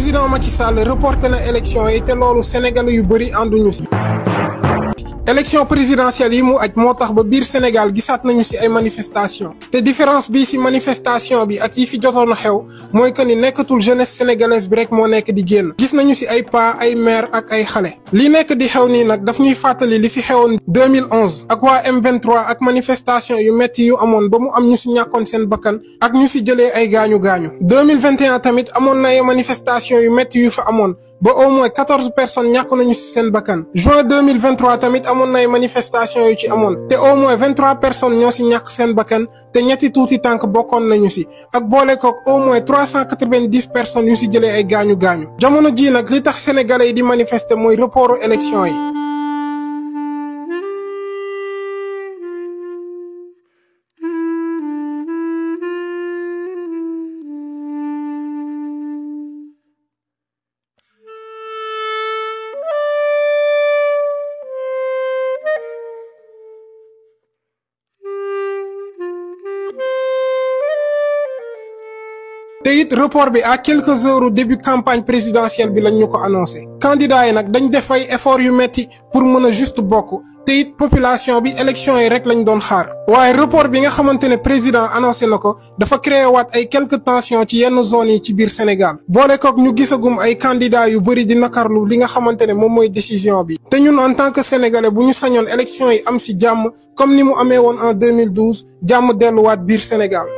président ci Sall reporté na élection yi te loolu sénégalais yu bëri ànduñu si. élection présidentielle yi mu aj motax ba biir Sénégal gisat nañu ci ay manifestation té différence bi ci manifestation bi ak yi fi jotoon xew moy que ni nekatul jeunesse sénégalaise bi rek mo nek di génn gis nañu ci ay pa ay maire ak ay xalé li nek di xew nii daf ñuy fatali li fi xewon 2011 ak wa M23 ak manifestation yu metti yu amon ba mu am ñu ci ñakoon seen bakkan ak ñu ci jëlé ay gañu gañu 2021 tamit amon na ay manifestation yu metti yu fa amon ba au moins quatorze personnes ñàkk nañu ci seen bakkan juin deux mille vingt trois tamit amoon na ay manifestations yu ci amoon te au moins vingt trois personnes ñoo ci ñàkk seen bakkan te ñetti tuuti tànk bokkoon nañu ci ak boole kook au moins trois cent quatre vingt dix personnes yu ci jëlee ay gaañu gaañu jamono jii nag li tax sénégalais yi di manifester mooy reportu élection yi. te report bi à quelques heures au début campagne présidentielle bi lañ ñu ko annoncé candidat yi nak dañ def ay effort yu metti pour mën juste bokk te population bi élection yi rek lañ doon xaar waaye report bi nga xamantene président annoncé na ko dafa créé waat ay quelques tensions ci yenn zones yi ci biir Sénégal boole kook ñu gisagum ay candidats yu bari di nakarlu li nga xamantene ne moom mooy décision bi te ñun en tant que sénégalais bu ñu sañoon élection yi am si jàmm comme ni mu amee woon en 2012 jàmm delluwaat biir Sénégal